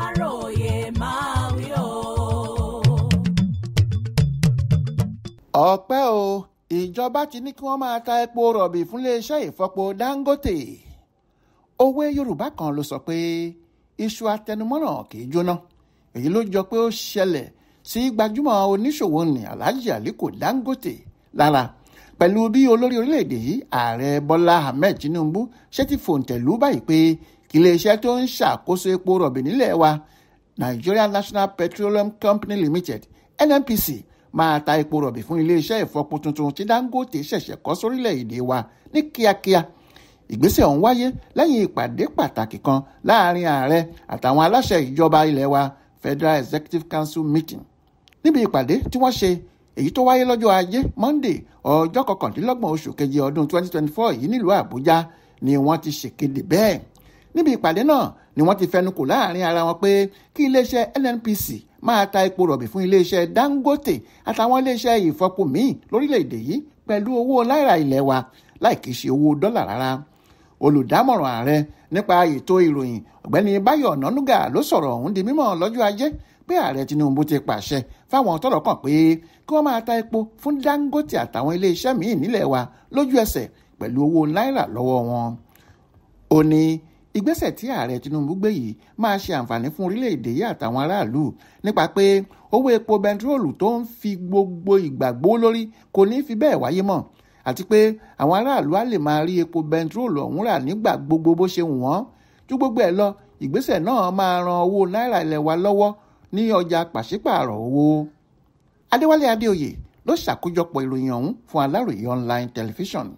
aláròye máa wí o. ọpẹ́ o ìjọba ti ní kí wọ́n máa ta epo rọ̀bì fún iléeṣẹ́ ìfọpo Dangote òwe Yorùbá kan ló sọ pé iṣu atẹnumọ́nà kì í jóná èyí ló jọ pé ó ṣẹlẹ̀ sí gbajúmọ̀ oníṣòwò ní Alhaji Aliko Dangote lára pẹ̀lú bí olórí orílẹ̀-èdè yìí ààrẹ Bọ́lá Ahmed Tinubu ṣe ti fòǹtẹ̀ lù báyìí pé iléeṣẹ́ tó ń ṣàkóso epo rọ̀bì nílẹ̀ wa Nigeria National Petroleum Company Limited NNPC máa ta epo rọ̀bì fún iléeṣẹ́ ìfọpo tuntun tí Dangote ṣẹ̀ṣẹ̀ kọ́ sórílẹ̀-èdè wa ní kíákíá ìgbésẹ̀ ọ̀hún wáyé lẹ́yìn ìpàdé pàtàkì kan láàrin ààrẹ àtàwọn aláṣẹ ìjọba ilẹ̀ wa Federal Executive Council meeting níbi ìpàdé tí wọ́n ṣe èyí tó wáyé lọ́jọ́ ajé Monday ọjọ́ kọkàndínlọ́gbọ̀n oṣù keje ọdún 2024 yìí nílùú Àbújá ni wọ́n ti ṣèkéde bẹ́ẹ̀ níbi ìpàdé náà ni wọ́n ti fẹnukò láàrin ara wọn pé kí iléeṣẹ́ NNPC máa ta epo rọ̀bì fún iléeṣẹ́ Dangote àtàwọn iléeṣẹ́ ìfọpo míì lórílẹ̀‐èdè yìí pẹ̀lú owó náírà ilẹ̀ wa láì kìí ṣe owó dọ́là rárá olùdámọ̀ràn ààrẹ nípa ètò ìròyìn ọ̀gbẹ́ni Báyọ̀ Ọ̀nànúgà ló sọ̀rọ̀ ọ̀hún di mímọ̀ lọ́jọ́ ajé pé ààrẹ Tinubu ti pàṣẹ fáwọn tọ́rọ̀ kàn pé kí wọ́n máa ta epo fún Dangote àtàwọn iléeṣẹ́ míì nílẹ̀ wa lójú ẹsẹ̀ pẹ̀lú owó náírà lọ́wọ́ wọn. ó ní ìgbésẹ̀ tí ààrẹ Tinubu gbé yìí máa ṣe àǹfààní fún orílẹ̀-èdè yìí àtàwọn aráàlú nípa pé owó epo bẹntiróòlù tó ń fi gbogbo ìgbà gbó lórí kò ní fi bẹ́ẹ̀ wáyé mọ́ àti pé àwọn aráàlú á lè máa rí epo bẹntiróòlù ọ̀hún rà nígbà gbogbo bó ṣe wù wọ́n ju gbogbo ẹ̀ lọ ìgbésẹ̀ náà máa ran owó náírà ilẹ̀ wa lọ́wọ́ ní ọjà pàṣípààrọ̀ owó. Adéwálé Adéoyè ló ṣàkójọpọ̀ ìròyìn ọ̀hún fún Aláròyé online television.